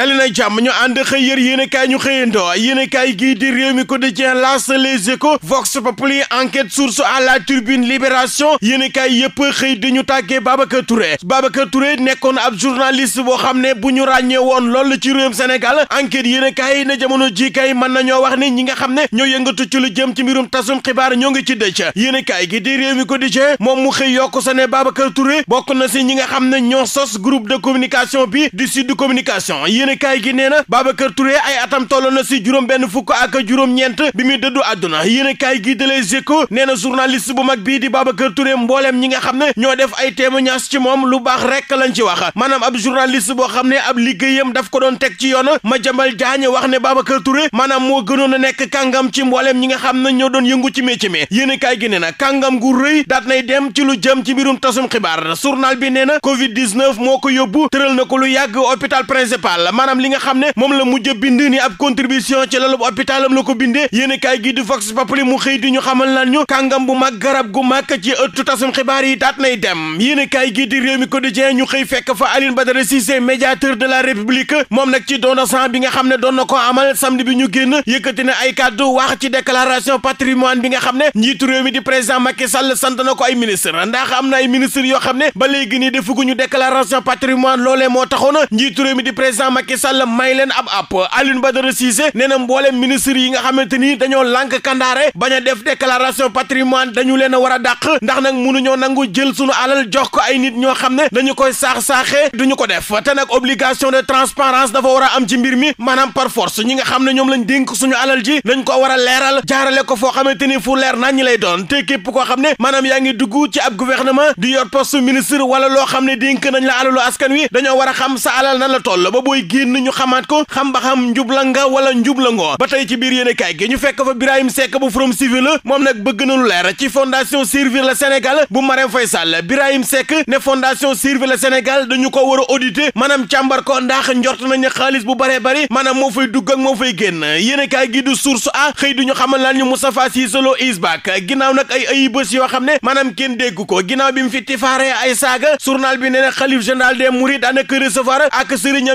dali na jàmm ñu ànd xëy yër yéen i kaay ñu xëyandoo yéen i kaay gii di réew mi quotidien L'As Les Échos Vox Populi enquête source à la tribune libération yéen i kaay yëpp xëy di ñu tàggee Babacar Touré Babacar Touré nekkoon ab journaliste boo xam ne bu ñu ràññee woon loolu ci réewum Sénégal enquête yéen i kaay na jamono ji kay mën nañoo wax ni ñi nga xam ne ñoo yëngatu ci lu jëm ci mbirum tasum xibaar ñoo ngi ci dëcc yéen i kaay gi di moom mu xëy yokku sa ne Babacar bokk na si ñi nga xam ne ñoo sos groupe de communication bi di sud communication yéenekaay gi nee na Babacar Touré ay atam tolloon na si juróom benn fukk ak juróom-ñeent bi muy dëddu àdduna yéenekaay gi de Les Échos nee na journaliste bu mag bii di Babacar Touré mbooleem ñi nga xam ne ñoo def ay témoignage ci moom lu baax rek lañ ci wax maanaam ab journaliste boo xam ne ab liggéeyam daf ko doon teg ci yoon ma jambal jaañ wax ne Babacar Touré maanaam moo gënoon a nekk kàngam ci mboolem ñi nga xam na ñoo doon yëngu ci métier mi yéenekaay gi nee na kàngam gu rëy daat dem ci lu jëm ci mbirum tasum xibaar journal bi nee na covid 19 moo ko yóbbu tëral na ko lu yàgg hôpital principal maanaam li nga xam ne moom la mujj bind ni ab contribution ci lalu hôpitalam la ko bindee yéen kaay gi di Vox Populi mu xëy di ñu xamal naan ñu kàngam bu mag garab gu mag ci ëttu tasum xibaar yi daat nay dem yéen kaay gi di réew mi quotidien ñu xëy fekk fa Alioune Badara Cissé médiateur de la République moom nag ci don bi nga xam ne doon na ko amal samedi bi ñu génn yëkkati na ay kàddu wax ci déclaration patrimoine bi nga xam ne njiitu réew mi di président Macky sal sant na ko ay ministre ndax am na ay ministre yoo xam ne ba léegi nii defuguñu moo taxoon njiitu réew mi di Macky Sall may leen ab app Alioune Badara Cissé nee na ministre yi nga xam xamante ni dañoo lànk kandaare bañ a def déclaration patrimoine dañu leen a war a dàq ndax nag mënuñoo nangu jël sunu alal jox ko ay nit ñoo xam ne dañu koy saax du ñu ko def te nag obligation de transparence dafa war a am ci mbir mi maanaam par force ñi nga xam ne ñoom lañ dénk suñu alal ji dañ ko war a leeral jaarale ko foo xamante ni fu leer na ñi lay doon te képp koo xam ne maanaam yaa ngi dugg ci ab gouvernement di yor poste ministre wala loo xam ne dénk nañ la alalu askan a xam sa la génn ñu xamaat ko xam ba xam njubla nga wala njubla ngoo ba tey ci biir yéen kaay gi ñu fekk fa Birahim Seck bu Forum Civil moom nag bëgg na lu leer ci fondation Servir le Sénégal bu Marème Faye Sall Birahim Seck ne fondation Servir le Sénégal dañu ko war a auditer maanaam càmbar ko ndax njort nañu xaalis bu bëree bëri maanaam moo fay dugg ak moo fay génn yéen kaay gi du source a xëy duñu xamal laan ñu Moustapha Cissé Lo is ginnaaw nag ay ay bés yoo xam ne maanaam kenn dégg ko ginnaaw bi mu fi tifaaree ay saaga journal bi nee na xalif général des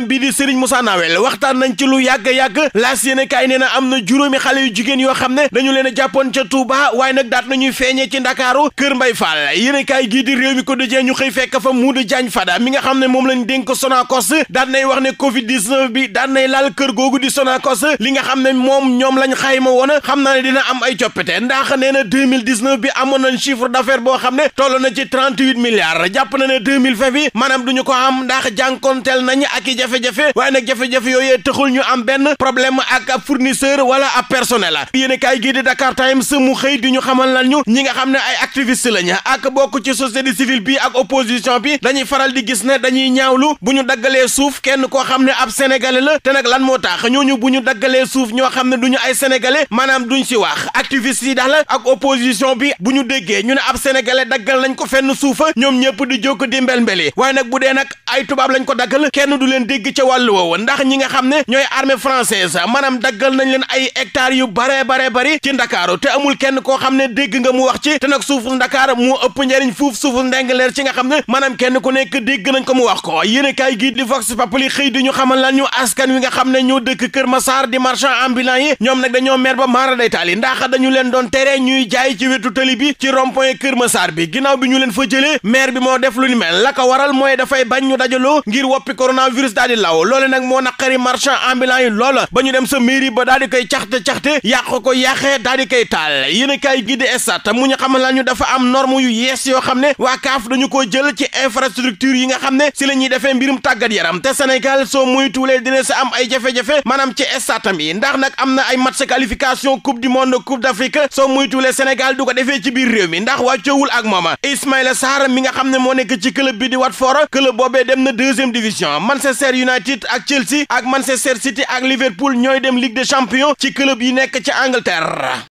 bi Serigne Moussa Nawel waxtaan nañ ci lu yàgg-yàgg laas yéene kaay nee na am na juróomi xale yu jigéen yoo xam ne dañu leen a jàppoon ca Touba waaye nag daat nañuy feeñee ci Ndakaaru Kër Mbay Fall yéene kaay gii di réew mi ko dëjee ñu xëy fekk fa Modou jaañ Fada mi nga xam ne moom lañ dénk Sonacos daan nay wax ne Covid 19 bi daan nay laal kër googu di sona Sonacos li nga xam ne moom ñoom lañ xayma woon xam naa ne dina am ay coppite ndax nee na 2019 bi amoon nañ chiffre d'affaires boo xam ne toll na ci 38 milliards jàpp na ne 2020 bi maanaam duñu ko am ndax jànkonteel nañ ak i waaye nag jafe-jafe yooyee taxul ñu am benn problème ak ab fournisseur wala a personnel yéen kaay gii di Dakar Times mu xëy di ñu xamal lan ñu ñi nga xam ne ay activiste lañu ak bokk ci société civile bi ak opposition bi dañuy faral di gis ne dañuy ñaawlu bu ñu daggalee suuf kenn koo xam ne ab sénégalais la te nag lan moo tax ñooñu bu ñu daggalee suuf ñoo xam ne du ñu ay sénégalais maanaam duñ ci wax activiste yi dax ak opposition bi bu ñu déggee ñu ne ab sénégalais daggal nañ ko fenn suufa ñoom ñëpp di jóg di mbel mbeli waaye nag bu dee nag ay tubaab lañ ko daggal kenn du leen dégg ca wàllu woowu ndax ñi nga xam ne ñooy armée française maanaam daggal nañ leen ay hectares yu bare bare bari ci ndakaaru te amul kenn koo xam ne dégg nga mu wax ci te nag suufu ndakaar moo ëpp njariñ fuuf suufu ndengleer ci nga xam ne maanaam kenn ku nekk dégg nañ ko mu wax ko yéen kaay gi di vox populi xëy di ñu xamal lan ñu askan wi nga xam ne ñoo dëkk Kër ma saar di marchand ambulant yi ñoom nag dañoo mer ba maara day taal yi ndax dañu leen doon tere ñuy jaay ci wetu tëli bi ci rond-point Kër bi ginnaaw bi ñu leen fa jëlee maire bi moo def lu ni mel la ko waral mooy dafay bañ ñu dajaloo ngir woppi coronavirus daal di law loole nag moo naqari marchand ambulant yi loola ba ñu dem sa mairie ba daal di caxte caxte yàq ko yàqee daal di taal yéen a kaay gi di estat mu ñu xamal la dafa am norme yu yees yoo xam ne waa CAF dañu ko jël ci infrastructure yi nga xam ne si la ñuy defee mbirum tàggat yaram te Sénégal soo muy tuulee dina sa am ay jafe-jafe maanaam ci estatam yi ndax nag am na ay match qualification coupe du monde coupe d'Afrique soo muy tuulee Sénégal ci biir réew mi ndax wàccoowul ak mooma Ismaïla mi nga xam nekk ci club bi di Watford club boobee dem na deuxième division Manchester United ak Chelsea ak Manchester City ak Liverpool ñooy dem Ligue des champions ci club yi nekk ci Angleterre.